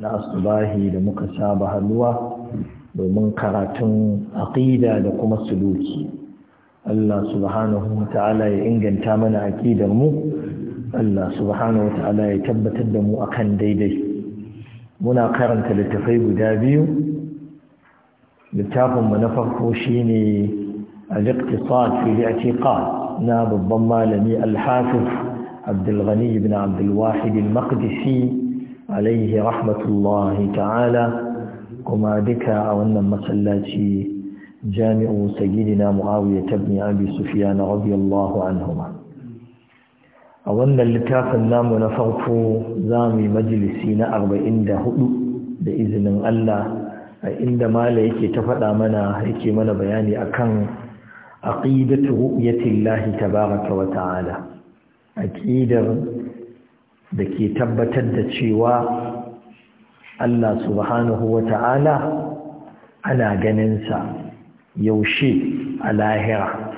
na asubahi da muka saba hannuwa domin karatun aƙida da kuma suluki Allah subhanahu wa ta'ala ya inganta mana aƙidar mu Allah subhanahu wa ta'ala ya tabbatar da mu akan daidai muna karanta littafai guda biyu littafinmu na farko shine al-iqtisad fi al-i'tiqad na babban malami al-hafiz Abdul Ghani ibn Abdul Wahid al-Maqdisi alaihi rahmatullahi ta'ala kuma duka a wannan masallaci jami'u sayyidina muawiya tabni abi na radiyallahu anhuma a wannan littafin namu na farko za mu yi majalisi na 44 da izinin Allah a inda mala yake ta faɗa mana yake mana bayani akan aqidatu ru'yatillahi tabaraka wa ta'ala aqidar da ke tabbatar da cewa Allah subhanahu wa ta'ala ana ganinsa yaushe a lahira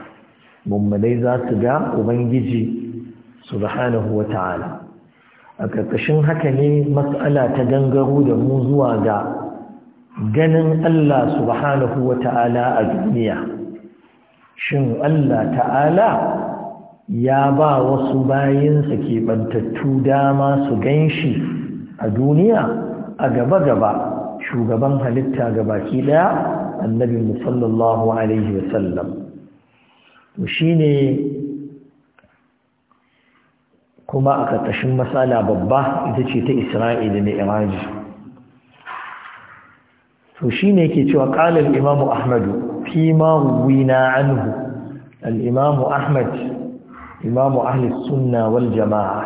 mummalai za su ga ubangiji subhanahu wa ta'ala a ƙarƙashin haka ne matsala ta gangaro da mu zuwa ga ganin Allah subhanahu wa ta'ala a duniya shin Allah ta'ala ya ba wasu bayinsa keɓantattu dama su gan shi a duniya a gaba-gaba shugaban halitta baki ɗaya annabin musallallahu alaihi wasallam to shi ne kuma a ƙarƙashin matsala babba ita ce ta isra'ila na iraji to shi ne ke cewa ƙalar imamu ahmadu fi ma wina anhu al'imamu ahmad imamu ahli sunna wal jama'a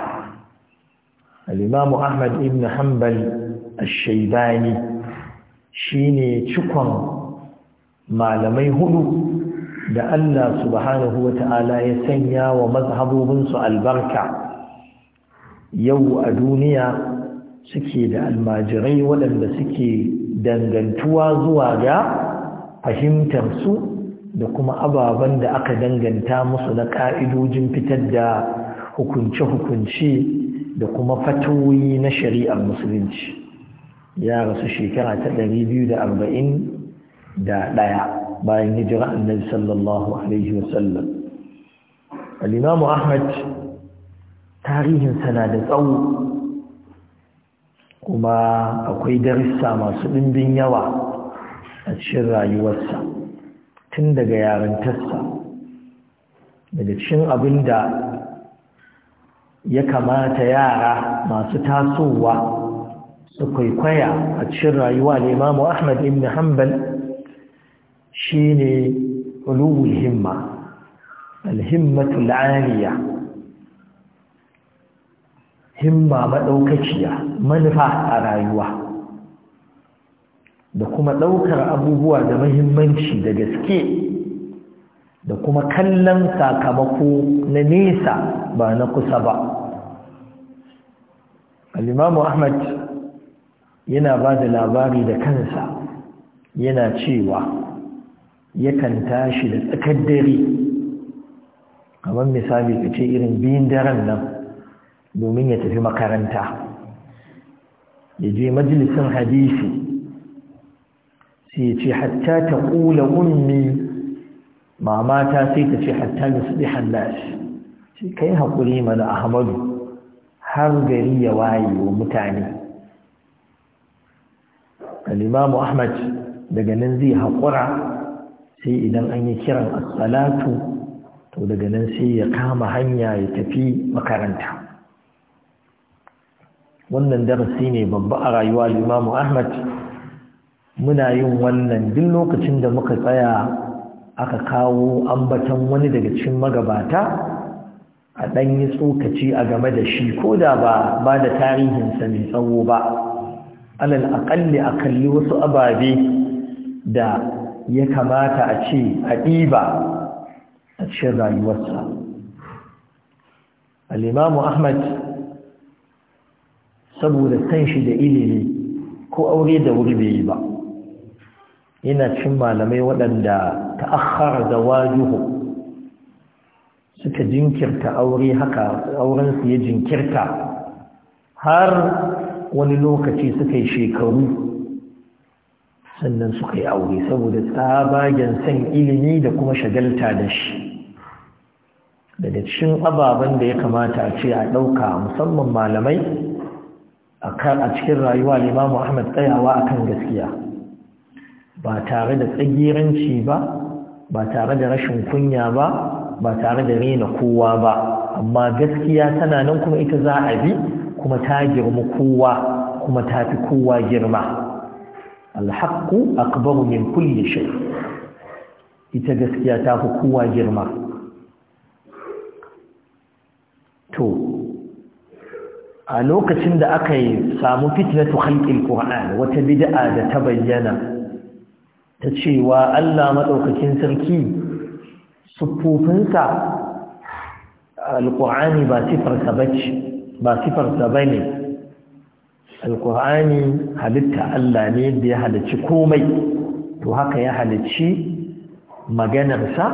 al-imamu ahmad ibn hanbal al-shaybani shine cikon malamai hudu da Allah subhanahu ta'ala ya sanya wa mazhabobinsu albarka yau a duniya suke da almajirai waɗanda suke dangantuwa zuwa ga fahimtar su. da kuma ababen da aka danganta musu na ƙa'idojin fitar da hukunce-hukunce da kuma fatoyi na shari'ar musulunci ya rasu shekara ta biyu da arba'in ɗaya bayan hijira annabi sallallahu alaihi wasallam al'imamu ahmad tarihinsa na da tsawo kuma akwai darussa masu ɗimbin yawa a cikin rayuwarsa tun daga yarantarsa daga cikin abin da ya kamata yara masu tasowa su kwaikwaya a cikin rayuwa da imamu ahmad ibn hanbal shi ne uluwul himma alhimmatul aliya himma maɗaukaciya manufa a rayuwa da kuma ɗaukar abubuwa da mahimmanci da gaske da kuma kallon sakamako na nesa ba na kusa ba al'imamu ahmad yana ba da labari da kansa yana cewa yakan tashi da tsakar dare kamar misali ka ce irin biyun daren nan domin ya tafi makaranta ya je majalisin hadisi sai ce hatta ta ƙula ummi mamata sai ta ce hatta da su ɗi hannashi kai haƙuri mana ahmadu har gari ya waye wa mutane Limamu ahmad daga nan zai haƙura sai idan an yi kiran asalatu to daga nan sai ya kama hanya ya tafi makaranta wannan darasi ne babba a rayuwa limamu ahmad muna yin wannan duk lokacin da muka tsaya aka kawo ambaton wani daga cikin magabata a ɗan yi tsokaci a game da shi ko da ba ba da tarihinsa mai tsawo ba alal aƙalli a kalli wasu ababe da ya kamata a ce a ɗiba a cikin rayuwarsa al'imamu ahmad saboda kan shi da ilimi ko aure da wuri bai yi ba Ina cin malamai waɗanda da wajuhu suka jinkirta aure haka auren su ya jinkirta har wani lokaci suka yi shekaru sannan suka yi aure saboda tsabagen san ilimi da kuma shagalta da shi daga cikin ababen da ya kamata a ce a ɗauka musamman malamai a cikin rayuwa limamu ahmad tsayawa akan gaskiya ba tare da tsagiranci ba ba tare da rashin kunya ba ba tare da rena kowa ba amma gaskiya tana nan kuma ita za a bi kuma ta girma kowa kuma ta fi kowa girma alhaqqu akbaru min kulli shay ita gaskiya ta fi kowa girma to a lokacin da aka yi samu fitnatu khalqil qur'an wata bid'a da ta bayyana ta cewa Allah maɗaukakin sarki siffofinsa alƙur'ani ba sifarsa ba sifarsa bane alƙur'ani halitta Allah ne da ya halicci komai to haka ya halicci maganarsa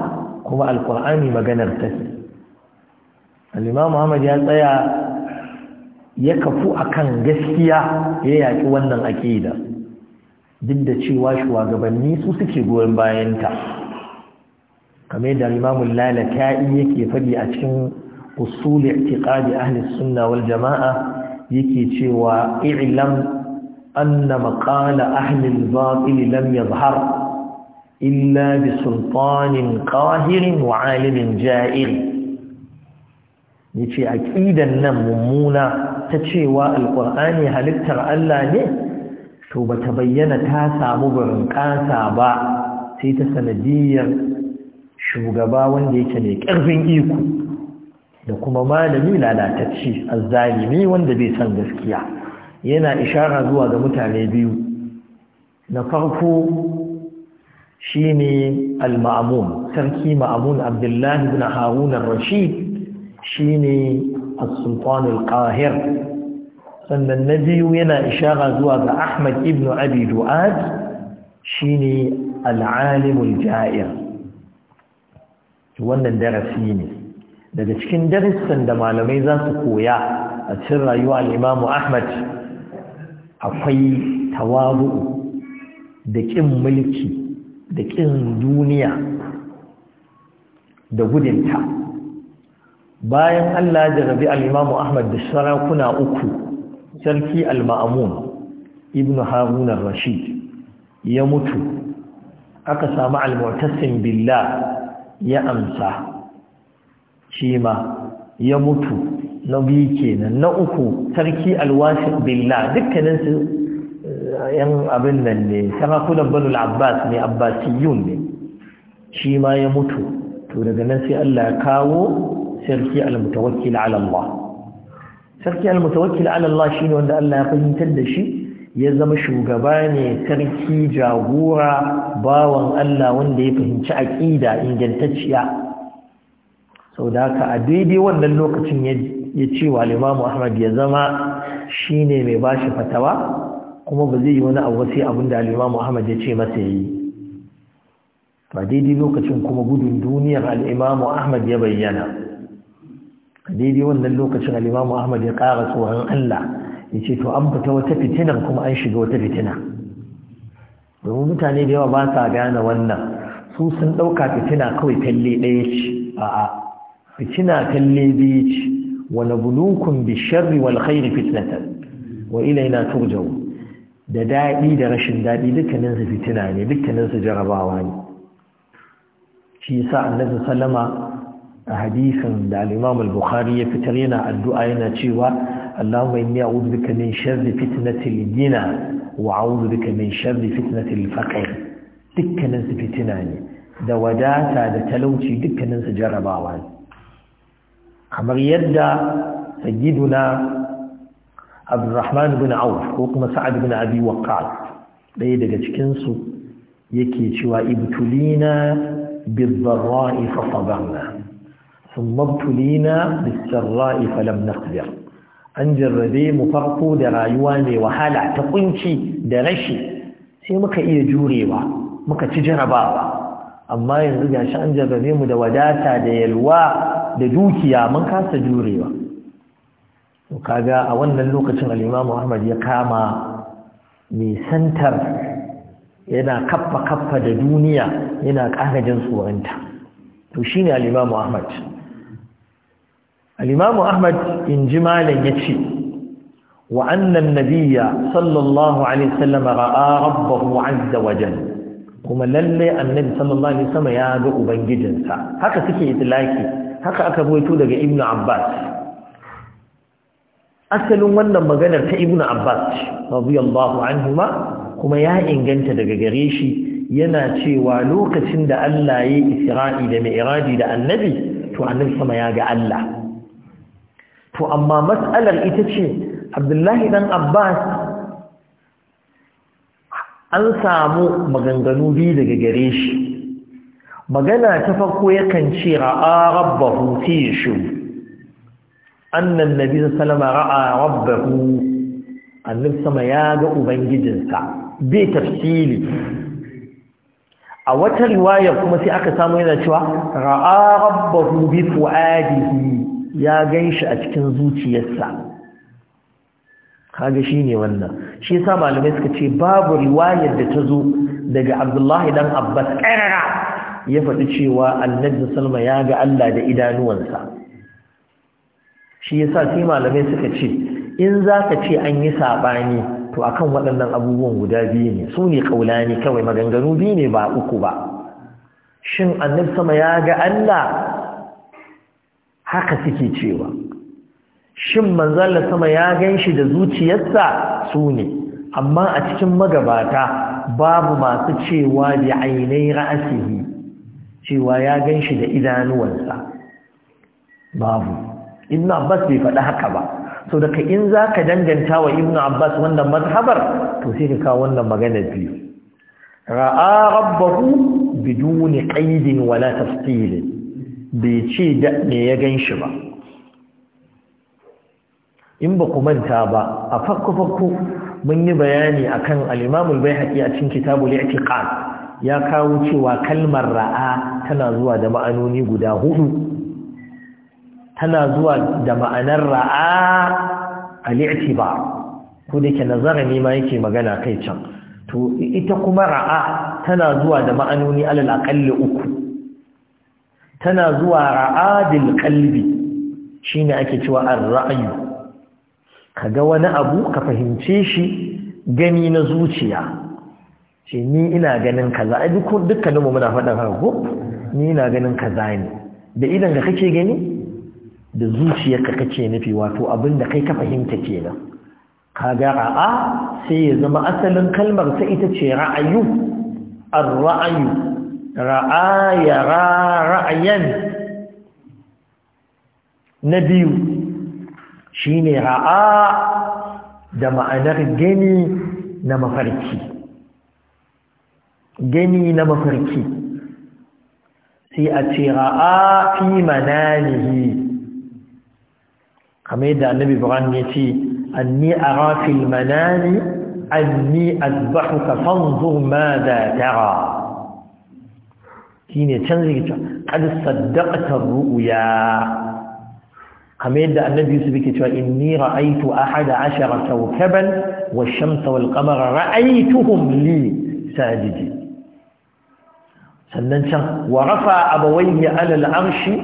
kuma alƙur'ani maganarsa al-Imam Muhammad ya tsaya ya kafu akan gaskiya ya yaƙi wannan aqida duk da cewa shugabanni su suke goyon bayanta kame da limamun lalata'i yake faɗi a cikin usul i'tiqadi ahli sunna wal jama'a yake cewa i'lam anna maqala ahli al-batil lam yadhhar illa bi sultanin qahirin wa alimin ja'ir yace aqidan nan mummuna ta cewa Alƙur'ani halittar Allah ne to ba ta bayyana ta samu burin ƙasa ba sai ta sanadiyar shugaba wanda yake mai ƙarfin iko da kuma malami lalatacci azzalimi wanda bai san gaskiya yana ishara zuwa ga mutane biyu na farko shine al-ma'mun sarki ma'mun abdullahi ibn harun ar-rashid shine as-sultan al-qahir sannan na biyu yana ishara zuwa ga Ahmad ibn Abi Du'ad shine al-alimul ja'ir wannan darasi ne daga cikin darussan da malamai za su koya a cikin rayuwa al-Imam Ahmad akwai tawabu da kin mulki da kin duniya da gudunta bayan Allah ya rabi al-Imam Ahmad da sarakuna uku sarki al-ma'amun ibn harun al-rashid ya mutu aka samu al-mu'tasim billah ya amsa shi ma ya mutu na biyu kenan na uku sarki al-wasif billah dukkanin su eh, yan abin nan ne sarakunan banul abbas ne abbasiyun ne shi ma ya mutu to daga nan sai Allah ya kawo sarki al-mutawakkil ala Allah sarki al-mutawakkil ala Allah shine wanda Allah ya fahimtar da shi ya zama shugaba ne sarki jagora bawan Allah wanda ya fahimci aqida ingantacciya sau da haka a daidai wannan lokacin ya ce wa Imam ahmad ya zama shine mai bashi fatawa kuma ba zai yi wani abu sai abin da ahmad ya ce masa yi a daidai lokacin kuma gudun duniyar al'imamu ahmad ya bayyana daidai wannan lokacin al'imamu ahmad ya kara tsoron allah ya ce to an fita wata fitinar kuma an shiga wata fitina domin mutane da yawa ba sa gane wannan su sun ɗauka fitina kawai talle ɗaya ce a'a fitina talle biyu ce wani bulukun bi sharri wal khairi fitnatan wa ilaina turja'u da daɗi da rashin daɗi dukkanin su fitina ne dukkanin su jarabawa ne shi yasa annabi sallama a hadisin da al al-Bukhari ya fitar yana addu'a yana cewa Allahumma inni a'udhu bika min sharri fitnatil gina wa a'udhu bika min sharri fitnatil faqr dukkanin su fitina ne da wadata da talauci dukkanin su jarabawa ne kamar yadda sayyiduna Abdurrahman ibn Auf ko kuma Sa'ad ibn Abi Waqqas ɗaya daga cikin su yake cewa ibtulina bid-dharra'i fa sabarna ثم ابتلينا بالسراء فلم نصبر an jarrabe mu farko da rayuwa mai wahala ta kunci da rashi sai muka iya jurewa muka ci jarabawa amma yanzu gashi an jarrabe mu da wadata da yalwa da dukiya mun kasa jurewa to kaga a wannan lokacin al-Imam Ahmad ya kama mai santar yana kaffa kaffa da duniya yana ƙara jin tsoronta to shine al-Imam Ahmad الإمام أحمد إنجمالا يتشي وأن النبي صلى الله عليه وسلم رأى ربه عز وجل كما للي النبي صلى الله عليه وسلم يابع بنجدنسا هكا سكي إطلاكي هكا أكبويتو لك ابن عباس أسأل من مغنر ابن عباس رضي الله عنهما كما يا إنجنت لك غريشي yana cewa lokacin da Allah ya yi isra'i da mai iradi da annabi to annabi sama ya ga Allah to amma matsalar ita ce abdullahi dan abbas an samu maganganu biyu daga gare shi magana ta farko yakan ce ra'a rabbahu fi shu annan nabi sallama ra'a rabbahu annab sama ya ga ubangijinsa Bi tafsili a wata riwaya kuma sai aka samu yana cewa ra'a rabbahu bi fuadihi ya gan shi a cikin zuciyarsa kaga shi ne wannan shi sa malamai suka ce babu riwayar da ta zo daga abdullahi dan abbas ƙarara ya faɗi cewa annabi salma ya ga allah da idanuwansa shi ya sa sai malamai suka ce in za ka ce an yi saɓani to akan waɗannan abubuwan guda biyu ne su ne ƙaula ne kawai maganganu biyu ne ba uku ba shin annabi sama ya ga allah haka suke cewa shin manzala sama ya ganshi da zuciyarsa su ne amma a cikin magabata babu masu cewa da ainihin ra'asihi cewa ya ganshi da idanuwansa babu ibn abbas bai faɗi haka ba so daga in za ka danganta wa ibn abbas wannan mazhabar to sai ka kawo wannan magana biyu ra'a rabbahu biduni qaidin wala tafsilin bai ce da me ya gan shi ba in ba ku manta ba a fakko-fakko mun yi bayani akan alimamul bai haƙi a cin kitabul ƙan ya kawo cewa kalmar ra'a tana zuwa da ma'anoni guda hudu tana zuwa da ma'anar ra'a a li'ati ba ko da ke nazara ne ma yake magana kai can to ita kuma ra'a tana zuwa da ma'anoni alal uku tana zuwa ra'adil kalbi shine ake cewa ar-ra'yu kaga wani abu ka fahimce shi gani na zuciya ce ni ina ganin kaza ai duk dukkaninmu muna faɗin haka ko ni ina ganin kaza ne da idan ka kake gani da zuciyarka kake nufi wato abin da kai ka fahimta kenan kaga ra'a sai ya zama asalin kalmar ta ita ce ra'ayu ar-ra'yu ra'a yara ra'ayan na biyu shine ra'a da ma'anar gani na mafarki gani na mafarki sai a ce ra'a fi mananihi kamar yadda annabi ibrahim ya ce anni ara fil manani anni azbahuka fanzur ma da tara shine can zai ce qad saddaqta ru'ya kamar da annabi su yake cewa inni ra'aytu ahada ashara kawkaban wash-shamsa wal-qamara ra'aytuhum li sajidi sannan can wa rafa abawayhi 'ala al-arshi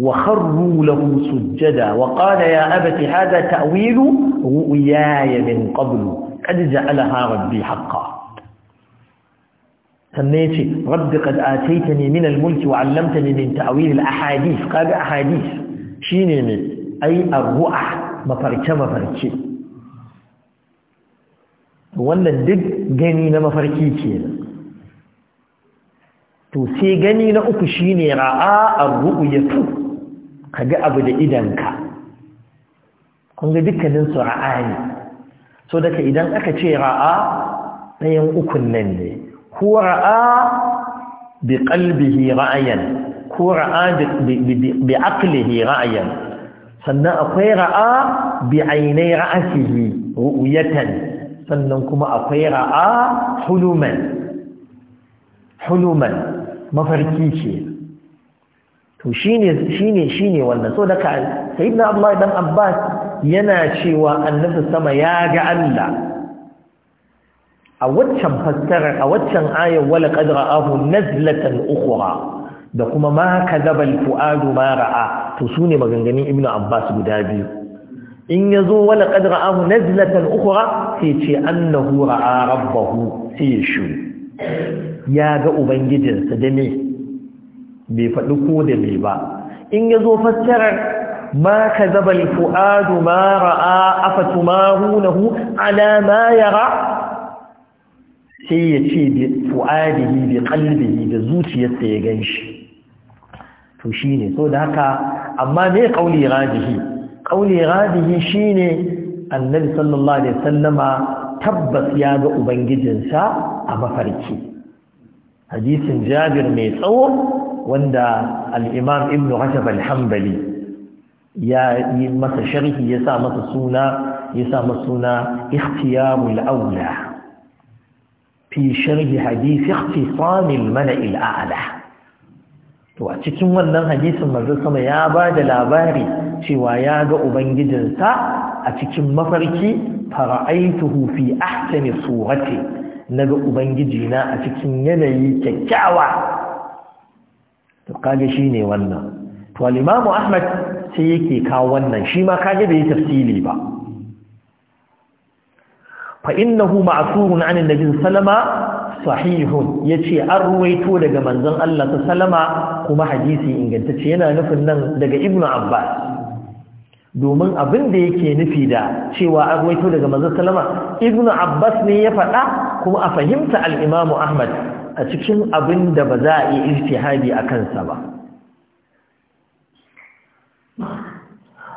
lahu له wa qala ya abati هذا ta'wilu رؤياي min qablu kad ja'alaha rabbi haqqan sannan ya ce rabbi kad ataita ne min al-mulki wa 'allamtani min ta'wil al-ahadith kaga ahadith shine ne ai ar mafarke mafarke wannan duk gani na mafarki kenan to sai gani na uku shine ra'a ar-ru'yatu kaga abu da ka. kun ga dukkanin su ra'a ne so daga idan aka ce ra'a ɗayan ukun nan ne هو رأى بقلبه ra'a bi رأى بعقله رأيا sannan akwai ra'a bi ainai ra'asihi ru'yatan sannan kuma akwai ra'a huluman huluman mafarki ce to shine shine shine wannan so daga sayyidina Abdullah dan Abbas yana cewa annabi sama ya ga Allah a waccan fassarar a waccan ayar wala qadra ahu nazlatan ukhra da kuma ma kadaba Fu'adu ma ra'a to sune maganganun ibnu abbas guda biyu in yazo wala qadra ahu nazlatan ukhra sai ce annahu ra'a rabbahu sai shu ya ga ubangijinsa da me bai faɗi ko da me ba in yazo fassarar ما كذب الفؤاد ما رأى أفتمارونه على ما yara. sai ya ce bi fu'adihi bi qalbihi da zuciyarsa ya ganshi to shine so da haka amma me kauli rajihi kauli shi shine annabi sallallahu alaihi wasallama tabbas ya ga ubangijinsa a mafarki hadisin jabir mai tsawo wanda al-imam ibn rajab alhambali hanbali ya yi masa sharhi ya sa masa suna ya sa masa suna ikhtiyamul aula fi sharhi hadisi ikhtisamil mala'il a'la to a cikin wannan hadisin manzo sama ya ba da labari cewa ya ga ubangijinsa a cikin mafarki fara'aituhu fi ahsani surati naga ubangijina a cikin yanayi kyakkyawa to kage shine wannan to al ahmad sai yake kawo wannan shi ma kage bai tafsili ba fa innahu ma'thurun 'an annabi sallama yace an ruwaito daga manzon Allah ta salama, kuma hadisi ingantacce yana nufin nan daga ibnu abbas domin abin da yake nufi da cewa an ruwaito daga manzon Salama, ibnu abbas ne ya faɗa kuma a fahimta al-imam ahmad a cikin abin da ba za a yi ijtihadi a kansa ba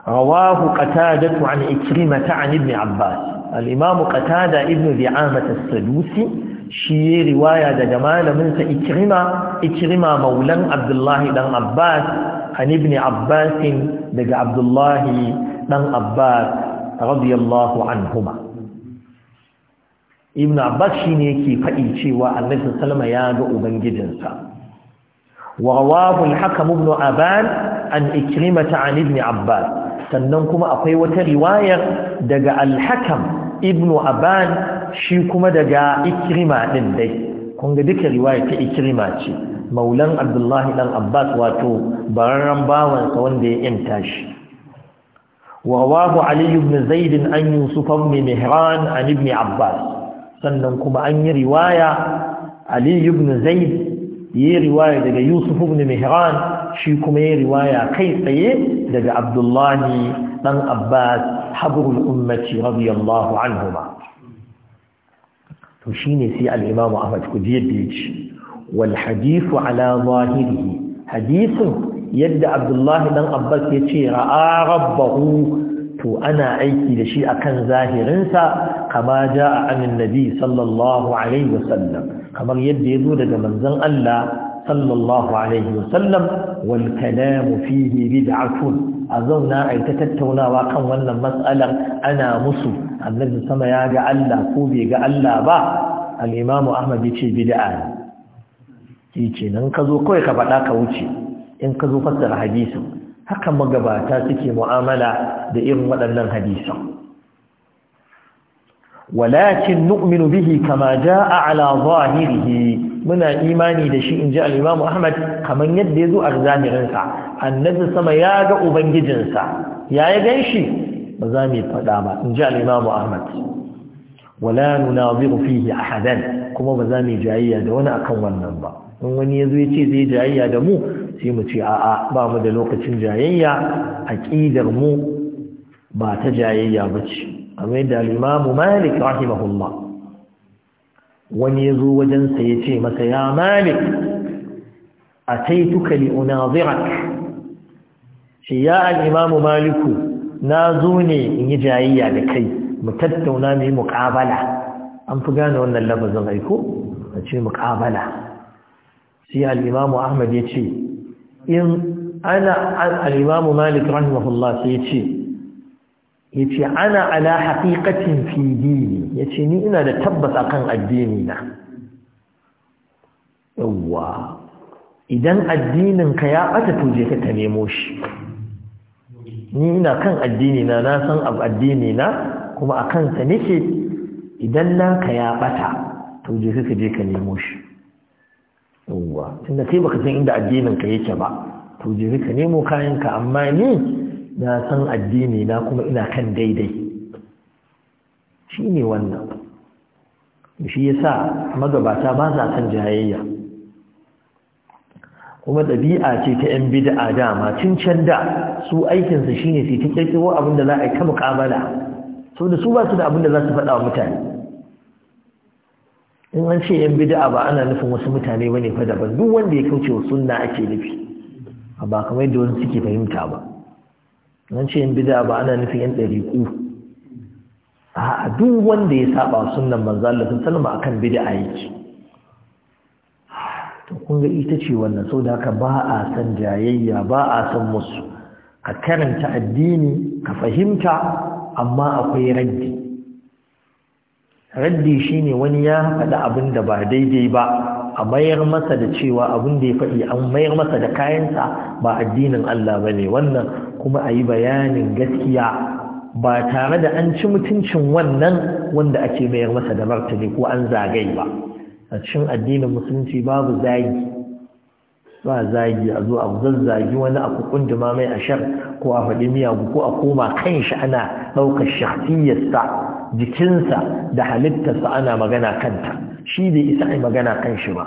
rawahu qatadatu an ikrimata an ibn abbas al'imamu qatada ibn bi'amat as-sadusi shi ya riwaya daga malaminsa ikrima ikrima maulan abdullahi dan abbas an ibn abbas daga abdullahi dan abbas radiyallahu anhuma ibn abbas shine yake faɗi cewa annabi salama ya ga ubangijinsa wa rawahu al-hakim an ikrimata an ibn abbas sannan kuma akwai wata riwayar daga alhakam ibnu aban shi kuma daga ikrima din dai kun ga duka riwaya ta ikrima ce maulan abdullahi dan abbas wato bararren sa wanda ya inta shi wahu ali ibn zaid an yusuf ibn mihran an ibn abbas sannan kuma an yi riwaya Ali ibn Zaid yi riwaya daga Yusuf ibn Mihran shi kuma yi riwaya kai tsaye daga Abdullahi. ɗan abbas habrul ummati radiyallahu anhuma to shine sai al ahmad ku ji biyu ci. wal ala zahirihi hadithun yadda abdullahi ɗan abbas yace ra'a rabbahu to ana aiki da shi akan zahirinsa kama a anin nabi sallallahu alaihi wasallam kamar yadda ya zo daga manzon Allah sallallahu alaihi wasallam wal kalamu fihi bid'atun a zauna a yi ta tattaunawa kan wannan matsalar ana musu annabi sama ya ga Allah ko bai ga Allah ba al-imamu ahmad ya ce bid'a ne shi nan ka zo kawai ka faɗa ka wuce in ka zo fassara hadisin haka magabata suke mu'amala da irin waɗannan hadisan walakin nu'minu bihi kama jaa ala zahirihi muna imani da shi inji al-Imam Ahmad kaman yadda zo a zahirin annabi sama ya ga ubangijin sa ya ya ganshi ba za mu fada ba inji al-Imam Ahmad wala nunaziru fihi ahadan kuma ba za mu jayayya da wani akan wannan ba in wani yazo ce zai jayayya da mu sai mu ce a'a ba mu da lokacin jayayya aqidar mu ba ta jayayya ba ce. amma al-imamu malik rahimahullah wani ya zo wajensa yace masa ya malik ataituka li unazirak shi ya al-imamu maliku na zo ne in yi jayayya da kai mu tattauna mu yi muƙabala an fi gane wannan lafazin aiko a ce muƙabala sai al'imamu ahmad ya ce in ana al'imamu malik rahimahullah sai ya ce yace ana ala haqiqatin fi dini yace ni ina da tabbas akan addini na yawa idan addinin ka ya bata to je ka ta nemo shi ni ina kan addini na na san abu addini na kuma akan sa nake idan naka ya bata to ka je ka nemo shi yawa tunda kai baka san inda addinin ka yake ba to ka nemo kayanka amma ni na san addini na kuma ina kan daidai shi ne wannan shi ya sa magabata ba za san jayayya kuma ɗabi'a ce ta 'yan bid'a dama tun can da su aikinsu shine su ta ƙirƙiro abin da za a yi kama muƙamala sau da su ba su da abin da za su faɗa wa mutane in an ce yan bid'a ba ana nufin wasu mutane wani faɗa ba duk wanda ya kauce wa suna ake nufi ba kamar da wani suke fahimta ba nan ce yin bid'a ba ana nufin yan ku? a duk wanda ya saba sunan manzo Allah sun salma akan bid'a yake to kun ga ita ce wannan saboda haka ba a san jayayya ba a san musu ka karanta addini ka fahimta amma akwai raddi raddi shine wani ya faɗi abin da ba daidai ba a mayar masa da cewa abin da ya faɗi an mayar masa da kayansa ba addinin Allah bane wannan kuma a yi bayanin gaskiya ba tare da an ci mutuncin wannan wanda ake mayar masa da martani ko an zagaye ba a cikin addinin musulunci babu zagi ba zagi a zo a zazzagi wani a kukunduma mai ashar ko a faɗi miyagu ko a koma kan shi ana ɗaukar shahsiyyarsa jikinsa da halittarsa ana magana kanta shi da isa a magana kan shi ba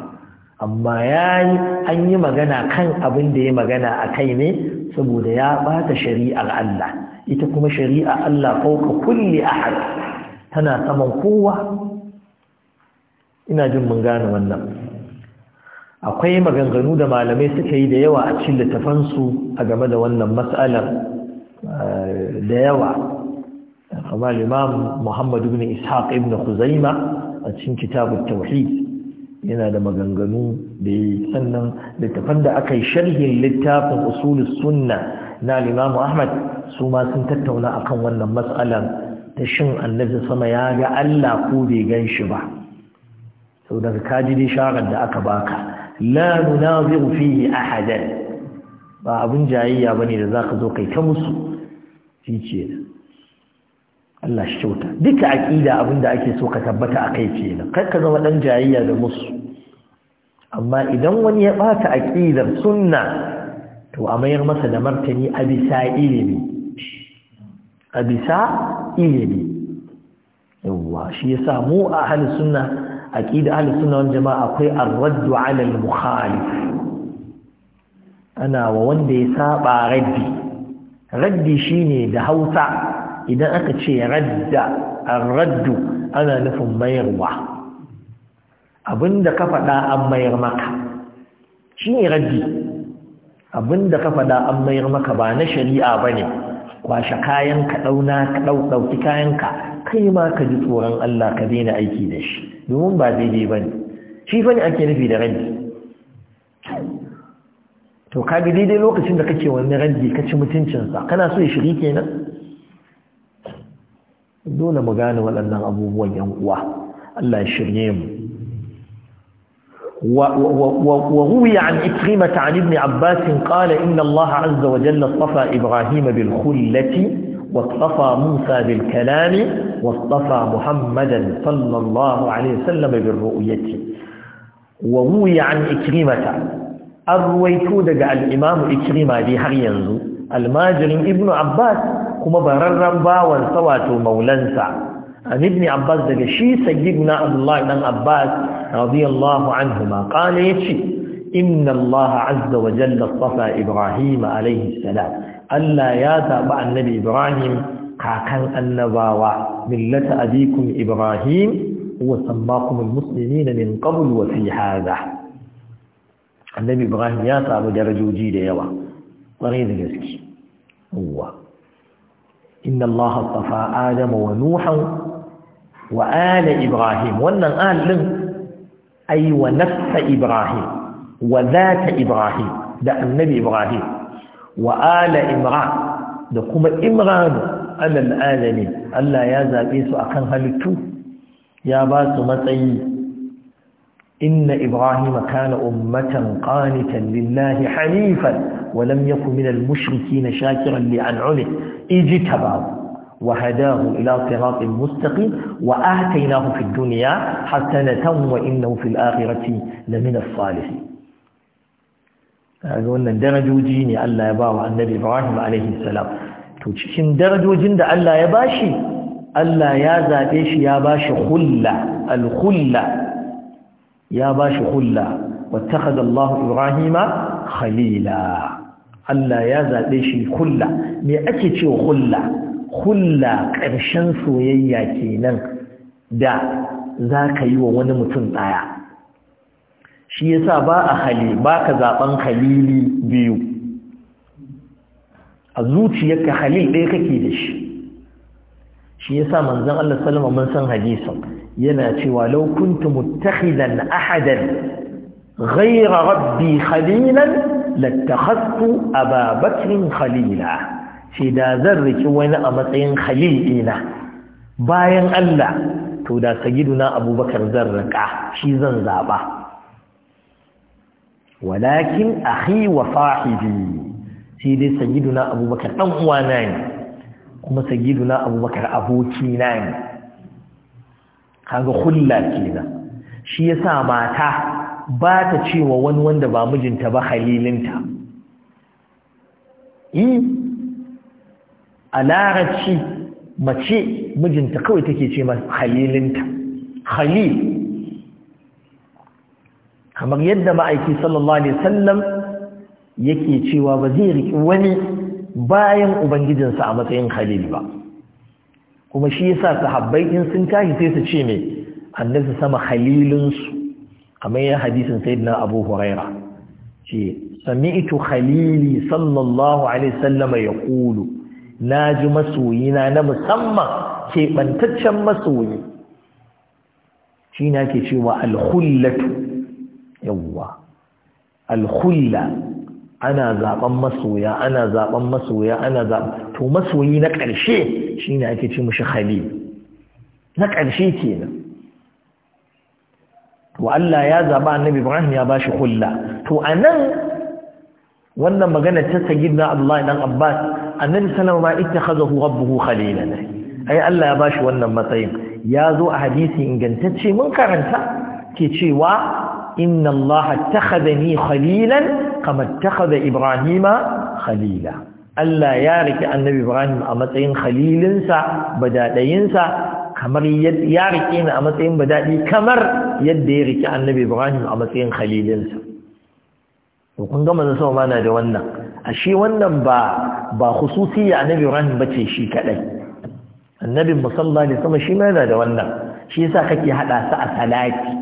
amma ya yi an yi magana kan abin da ya magana a kai ne saboda ya bata shari'ar Allah ita kuma shari'a Allah fauka kulli ahad tana saman kowa ina jin mun gane wannan akwai maganganu da malamai suka yi da yawa a cikin su a game da wannan matsalar eh, da yawa kamar imam Muhammad ibn Ishaq ibn Khuzaima a cikin kitabut tauhid yana da maganganu da yi sannan littafan da aka yi sharhin littafin usulus sunna na limamu ahmad su ma sun tattauna akan wannan matsalar ta shin annabi sama ya ga Allah ko bai gan shi ba sau daga kaji dai sharar da aka baka la nunazi'u a ahadan ba abin jayayya bane da ka zo kai ta musu shi ce Allah shi kyauta duka aƙida abin da ake so ka tabbata akai kenan kar ka zama dan jayayya da musu amma idan wani ya ɓata aƙidar sunna to a mayar masa da martani a bisa ilimi a bisa ilimi yawwa shi yasa mu a ahli sunna aqida ahli sunna wal jama'a akwai ar-raddu 'ala al-mukhalif ana wa wanda ya saba raddi raddi shine da Hausa idan aka ce radda ar ana nufin mayarwa abinda ka faɗa an mayar maka shi ne raddi abinda ka faɗa an mayar maka ba na shari'a ba ne kwashe kayan ka ɗauna ka ɗauki kayan ka kai ma ka ji tsoron Allah ka daina aiki da shi domin ba daidai ba ne shi fa ne ake nufi da raddi to ka ga daidai lokacin da kake wani raddi ka ci mutuncinsa kana so ya shiri kenan dole mu gane waɗannan abubuwan yan uwa Allah ya shirye mu وروي عن إكرمة عن ابن عباس قال إن الله عز وجل اصطفى إبراهيم بالخلة واصطفى موسى بالكلام واصطفى محمدا صلى الله عليه وسلم بالرؤية وروي عن إكرمة الرويتو دقى الإمام إكرمة دي هرينزو الماجر ابن عباس كما بررن باوان سواتو مولانسا عن ابن عباس دقى شي سيدنا عبد الله بن عباس رضي الله عنهما قال يشي إن الله عز وجل اصطفى إبراهيم عليه السلام ألا ياتى مع النبي إبراهيم كاكن النباوة ملة أبيكم إبراهيم وسماكم المسلمين من قبل وفي هذا النبي إبراهيم ياتى مجرد جيدة يوا وريد جزكي هو inna Allah astafa Adam wa Nuhan wa ala Ibrahim wannan al Aiwa wa nafsa Ibrahim wa zata Ibrahim da annabi Ibrahim wa ala Imran da kuma Imran alal alamin Allah ya zabe su akan halittu ya ba su matsayi inna Ibrahim kana ummatan qanitan lillahi hanifan ولم يكن من المشركين شاكرا لأنعمه اجتباه وهداه إلى صراط مستقيم وآتيناه في الدنيا حتى نتم وإنه في الآخرة لمن الصالحين أقول أن درجو جيني ألا يباو عن نبي إبراهيم عليه السلام توجين درجو جند ألا يباشي ألا يا يباشي خلة الخلة يا يباشي خلة واتخذ الله إبراهيم خليلاً Allah ya zaɓe shi hulla me ake cewa hulla hulla ƙarshen soyayya kenan da za ka yi wa wani mutum ɗaya shi yasa ba a hali ba ka zaɓen halili biyu a zuciyarka halil ɗaya kake da shi shi yasa manzan Allah sallama mun san hadisin yana cewa law kuntu ahadan ghayra rabbi khalilan lattakhastu aba khalila shi da zan riki wani a matsayin khalilina bayan Allah to da sagiduna abubakar zan rika shi zan zaba walakin akhi wa sahibi shi dai sagiduna abubakar dan uwana ne kuma sagiduna abubakar abokina ne kaga hulla kenan shi yasa mata ba ta cewa wani wanda ba mijinta ba halilinta yi e, a larabci mace mijinta kawai take ce ma halilinta halil kamar yadda ma'aiki sallallahu alaihi wasallam yake cewa ba zai riƙi wani bayan ubangijinsa a matsayin halil ba kuma shi yasa sahabbai in sun tashi sai su ce mai annabi sama halilinsu kamar yin hadisin sayyidina abu huraira ce sami'tu khalili sallallahu alaihi wasallam ya kulu na ji masoyina na musamman keɓantaccen masoyi shi na ke cewa alhullatu yawwa alhulla ana zaɓen masoya ana zaɓen masoya ana zaɓen to masoyi na ƙarshe shi na ake ce mashi khalil na ƙarshe kenan to Allah ya zaba annabi Ibrahim ya bashi kulla to anan wannan magana ta sayyidina Abdullah dan Abbas annabi sallallahu alaihi wasallam ittakhadahu rabbuhu khalilan ai Allah ya bashi wannan matsayin ya zo a hadisi ingantacce mun karanta ke cewa inna Allah ittakhadani khalilan kama ittakhadha Ibrahima khalila Allah ya rike annabi Ibrahim a matsayin khalilinsa badadayinsa kamar ya rike ni a matsayin badadi kamar yadda ya rike annabi Ibrahim a matsayin khalilinsa to kun ga manzo sama na da wannan ashe wannan ba ba khususiyya annabi Ibrahim bace shi kadai annabi musalla ne sama shi ma yana da wannan shi yasa kake hada su a salati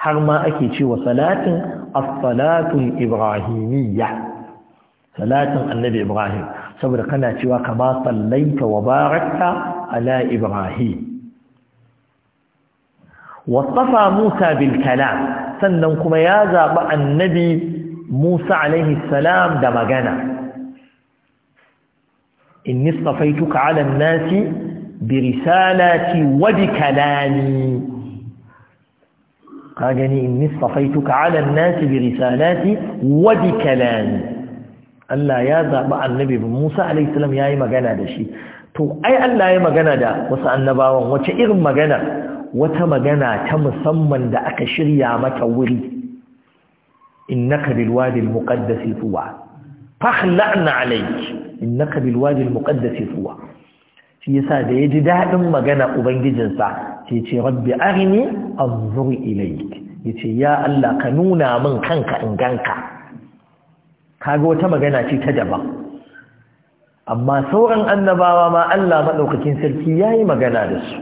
har ma ake cewa salatin as-salatul ibrahimiyya salatin annabi Ibrahim saboda kana cewa kama sallaita wa barakta ala ibrahim wasafa Musa bilkala sannan kuma ya zaɓi annabi Musa alaihi salam da magana inni safaituka ala nasi bi risalati wa bi kalami ka gani inni safaituka ala nasi bi risalati wa bi kalami Allah ya zaɓi annabi Musa alaihissalam ya yi magana da shi to ai Allah ya magana da wasu annabawan wace irin magana wata magana ta musamman da aka shirya mata wuri innaka bilwadi almuqaddas tuwa fakhla'na alayki innaka bilwadi almuqaddas tuwa shi yasa da yaji dadin magana ubangijinsa sai ce rabbi arini anzur ilayk yace ya Allah ka nuna min kanka in ganka kaga wata magana ce ta daban amma sauran annabawa ma Allah maɗaukakin sarki ya yi magana da su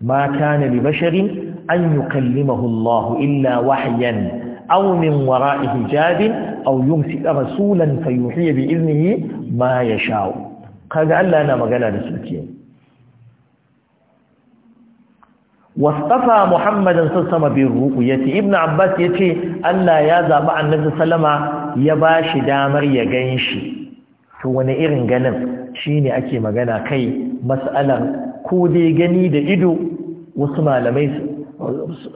ما كان لبشر أن يكلمه الله إلا وحيا أو من وراء حجاب أو يمسك رسولا فيوحي بإذنه ما يشاء قال ألا أنا مقالة رسولتين واصطفى محمدا صلى الله عليه وسلم بالرؤية ابن عباس يتي ألا يا مع النبي صلى الله عليه وسلم يباشي دامر يغنشي to wani irin ganin shine ake magana kai mas'alar ko dai gani da ido wasu malamai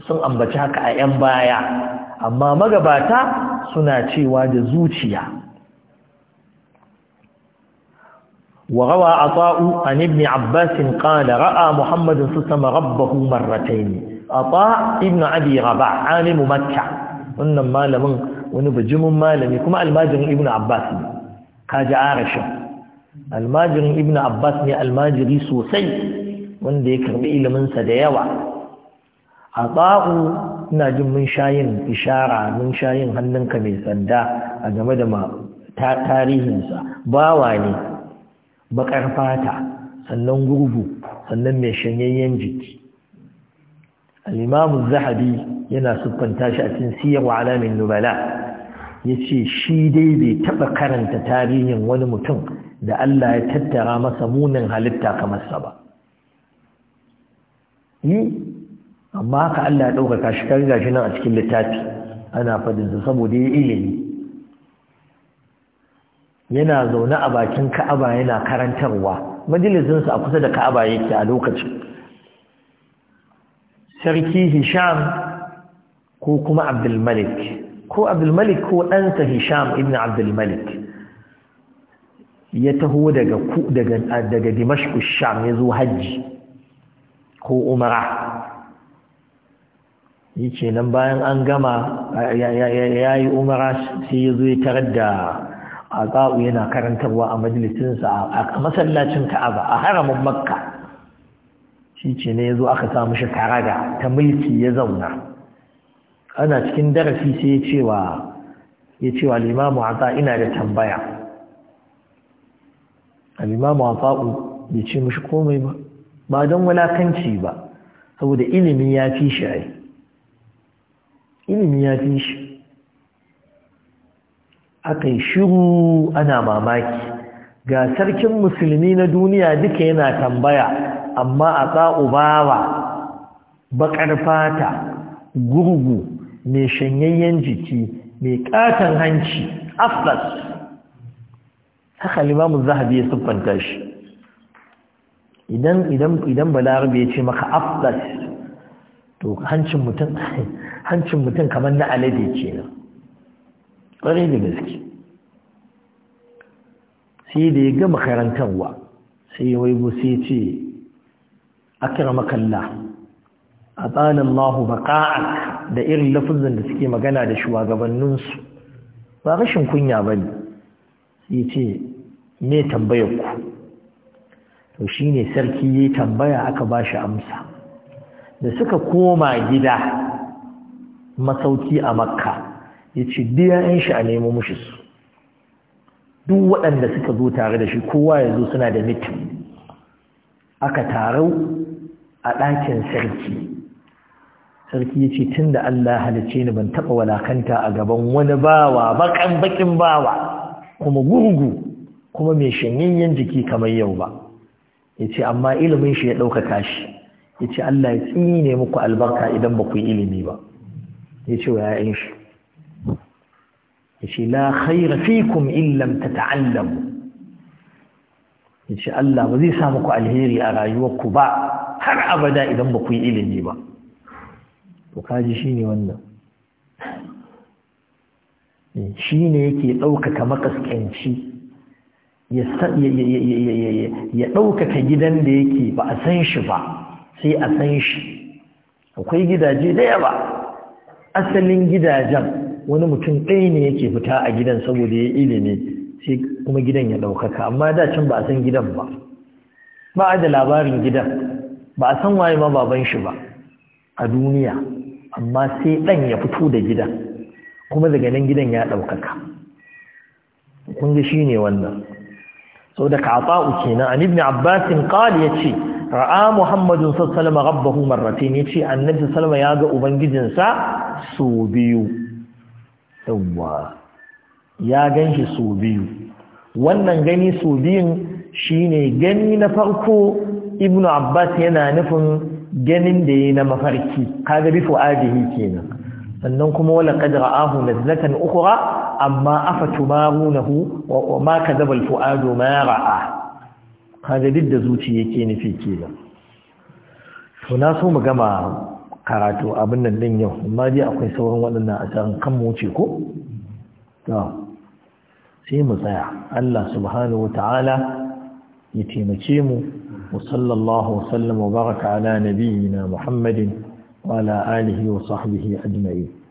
sun ambaci haka a 'yan baya amma magabata suna cewa da zuciya وروى عطاء عن ابن عباس قال رأى محمد صلى الله عليه وسلم ربه مرتين عطاء ابن أبي رباح عالم wannan malamin wani bijimin malami kuma almajirin ibnu abbas ne kaji arashin almajirin ibn abbas ne almajiri sosai wanda ya karbi iliminsa da yawa a tsa'u ina jin mun shayin ishara mun shayin hannunka mai sanda a game da tarihinsa bawa ne bakar fata sannan gurgu sannan mai shanyayyen jiki al'imamu zahabi yana siffanta shi a cikin siyar wa alamin nubala ya ce shi dai bai taɓa karanta tarihin wani mutum da Allah ya tattara masa munin halitta kamar saba. ba yi amma haka Allah ya ɗaukaka shi karga gashi nan a cikin littafi ana fadinsa saboda ya ilimi yana zaune a bakin ka'aba yana karantarwa majalisinsa a kusa da ka'aba yake a lokacin sarki hisham ko kuma abdulmalik ko abdulmalik ko ɗansa hisham ibn abdulmalik ya taho daga daga daga dimashku sham ya zo hajji ko umara yace nan bayan an gama yayi umara sai ya zo ya tarar da aƙa'u yana karantarwa a sa a masallacin ka'aba a haramin makka shi ce ne ya aka samu shi karaga ta mulki ya zauna ana cikin darasi sai ya cewa ya cewa limamu ata ina da tambaya al'imamu a fa'u bai ce mashi komai ba ba don walakanci ba saboda ilimi ya fi shi ai ilimi ya fi shi aka yi shiru ana mamaki ga sarkin musulmi na duniya duka yana tambaya amma a tsa'u bawa baƙar fata gurgu mai shanyayyen jiki mai ƙaton hanci aflas haka limamu zahabi ya siffanta shi idan balarabe ya ce maka afdal to hancin mutum kamar na alade kenan ƙwarai da gaske sai da ya ga karantarwa sai ya waigo sai ya ce makalla. a tsanin mahu baka'ak da irin lafazin da suke magana da shugabanninsu ba rashin kunya ba ne sai ce me tambayar ku to ne sarki yayi tambaya aka ba shi amsa da suka koma gida masauki a makka yace biya yan shi a nemo mushi su duk waɗanda suka zo tare da shi kowa ya zo suna da mitin aka taru a ɗakin sarki sarki yace ce tun da Allah halice ni ban taɓa walakanta a gaban wani bawa baƙan baƙin bawa kuma gurgu kuma mai shanyayyen jiki kamar yau ba ya ce amma ilimin shi ya ɗaukaka shi ya ce Allah ya tsine muku albarka idan ba ku yi ilimi ba ya ce wa ‘ya'yan shi ya ce la khaira fikum illam ta ta'allamu ya ce Allah ba zai sa muku alheri a rayuwarku ba har abada idan ba ku yi ilimi ba to kaji shi ne wannan shi ne yake ɗaukaka makaskanci ya ɗaukaka gidan da yake ba a san shi ba sai a san shi akwai gidaje da yawa asalin gidajen wani mutum ɗaya ne yake fita a gidan saboda ya ilimi sai kuma gidan ya ɗaukaka amma da can ba a san gidan ba ba a da labarin gidan ba a san waye ma baban shi ba a duniya amma sai ɗan ya fito da gidan kuma daga nan gidan ya ɗaukaka kun ga shi ne wannan sau da ka'ata'u kenan an ibn abbasin ya yace ra'a muhammadun sallallahu alaihi wasallam yace annabi sallallahu ya ga ubangijinsa su biyu ya ganshi su biyu wannan gani su biyun shine gani na farko ibn abbas yana nufin ganin da yayi na mafarki kaga bi fu'adihi kenan sannan kuma wala qad ra'ahu nazlatan ukhra amma tumarunahu, wa ma kadhaba alfuadu ma ra'a kaga duk da zuciya yake nufi kenan to na so mu gama karatu abin nan din yau amma dai akwai sauran waɗannan a can kan mu ce ko to sai mu tsaya Allah subhanahu wataala ya taimake mu wa sallallahu wa sallam wa baraka ala nabiyyina muhammadin wa ala alihi wa sahbihi ajma'in